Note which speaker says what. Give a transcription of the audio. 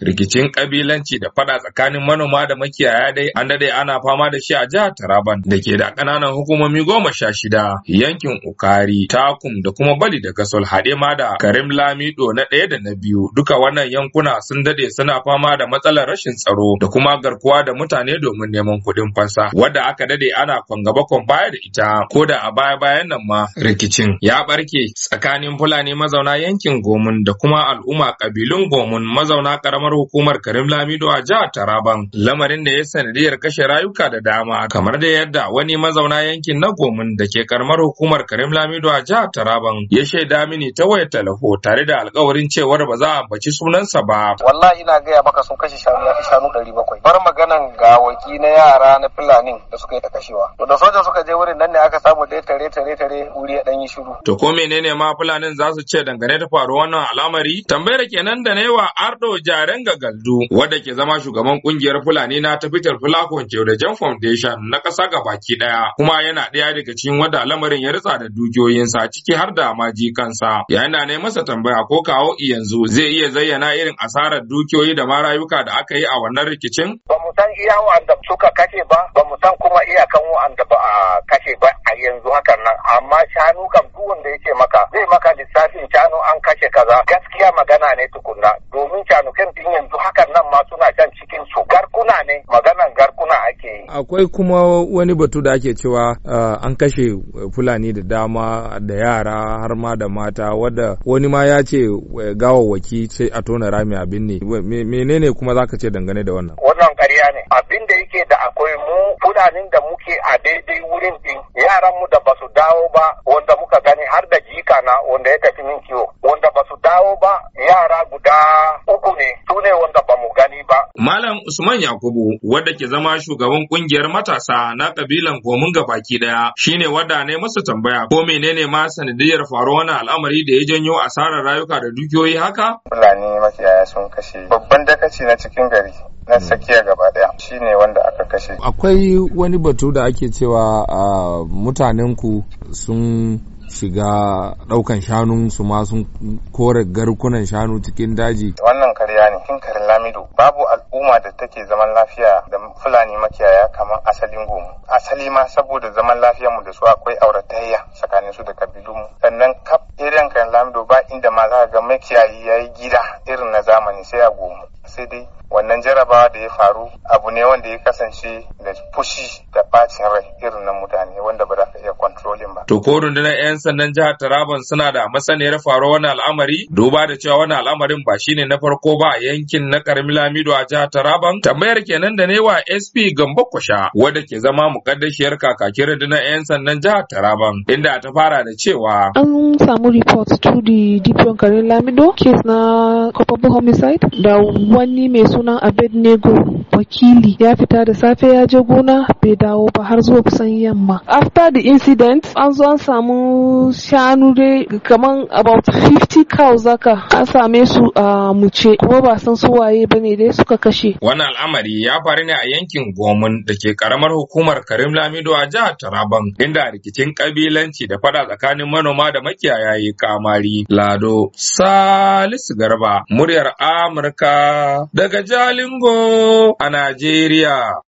Speaker 1: Rikicin kabilanci da fada tsakanin manoma da makiyaya dai an dade ana fama da shi a jihar Taraban da ke da kananan hukumomi goma sha shida yankin Ukari, Takum da kuma Bali da Gasol Hade ma da Karim Lamido na ɗaya da na biyu. Duka wannan yankuna sun dade suna fama da matsalar rashin tsaro da kuma garkuwa da mutane domin neman kuɗin fansa wadda aka dade ana kwangaba baya da ita ko da a baya bayan nan ma rikicin ya barke tsakanin Fulani mazauna yankin Gomun da kuma al'umma kabilun Gomun mazauna karamar kamar hukumar Karim Lamido a jihar Taraban, lamarin da ya sanadiyar kashe rayuka da dama kamar da yadda wani mazauna yankin na Gomin da ke karamar hukumar Karim Lamido a jihar Taraban ya shaida mini ta wayar talafo tare da alkawarin cewar ba za a baci sunansa ba. Wallahi ina gaya maka sun kashe shanu ya fi shanu ɗari bakwai. Bar maganan waki na yara na Fulani da suka yi ta kashewa. To da soja suka je wurin nan ne aka samu dai tare tare tare wuri ya ɗan yi shiru. To ko menene ma Fulanin za su ce dangane da faruwar wannan al'amari? Tambayar kenan da na yi wa Ardo Jaren Ganga Galdu wadda ke zama shugaban kungiyar Fulani na ta fitar Fulakon Jan Foundation na ƙasa gabaki ɗaya kuma yana ɗaya daga cikin wadda lamarin ya ritsa da dukiyoyinsa ciki har da maji kansa. Yayin da nemi masa tambaya ko kawo yanzu zai iya zayyana irin asarar dukiyoyi da ma da aka yi a wannan rikicin? Ba mu san iya wa'anda suka kashe ba, ba mu san kuma iyakan wa'anda ba a kashe ba a yanzu hakan nan, amma shanu kam duk wanda yake maka zai maka lissafin shanu an kashe kaza gaskiya magana ne tukunna domin shanu akwai kuma wani batu da ake cewa uh, an kashe fulani da dama da yara har ma da mata wadda wani ma ya ce gawawwaki sai a tona rami abin ne menene kuma zaka ce dangane da wannan wannan ƙarya ne abin da yake da akwai mu fulanin da muke a daidai wurin din yaran mu da basu dawo ba wanda muka gani har da jika na wanda ya tafi min kiwo wanda ba su dawo ba yara guda uku ne su ne wanda ba mu gani ba. Malam Usman Yakubu wadda ke zama shugaban kungiyar matasa na kabilan ga baki daya shine wadda ne masa tambaya ko menene ma sanadiyar faruwar wannan al'amari da ya janyo asarar rayuka da dukiyoyi haka? Fulani makiyaya sun kashe babban dakaci na cikin gari na hmm. tsakiya gaba daya shine wanda aka kashe akwai wani batu da ake cewa ah, mutanenku sun shiga ɗaukan shanu su masu kore garkunan shanu cikin daji. Wannan karya ne kin karin lamido babu al'umma da take zaman lafiya da fulani makiyaya kamar asalin gomu. Asali ma saboda zaman lafiyar mu da su akwai auratayya tsakanin su da kabilu mu. Sannan kaf irin karin lamido ba inda ma za ga makiyayi yayi gida irin na zamani sai a gomu. Sai dai wannan jarabawa da ya faru abu ne wanda ya kasance da fushi da bacin rai irin na mutane wanda matsalolin ba. To ko rundunar 'yan sandan jihar Taraban suna da masaniyar faruwar wani al'amari duba da cewa wani al'amarin ba shine na farko ba a yankin na karamin Lamido a jihar Taraban tambayar kenan da ne wa SP Gambo Kusha wadda ke zama mukaddashiyar kakakin rundunar 'yan sandan jihar Taraban inda ta fara da cewa an samu report to the DPO Garin Lamido case na culpable homicide da wani mai sunan Abednego wakili ya fita da safe ya je gona bai dawo ba zuwa kusan yamma after the incident an zo an samu shanu dai kaman about 50 cows zaka an same su a muce kuma ba san su waye bane dai suka kashe wannan al'amari ya faru ne a yankin gomun da ke karamar hukumar karim lamido a jihar taraban inda rikicin kabilanci da fada tsakanin manoma da makiyaya yi kamari lado salisu garba muryar amurka daga jalingo a najeriya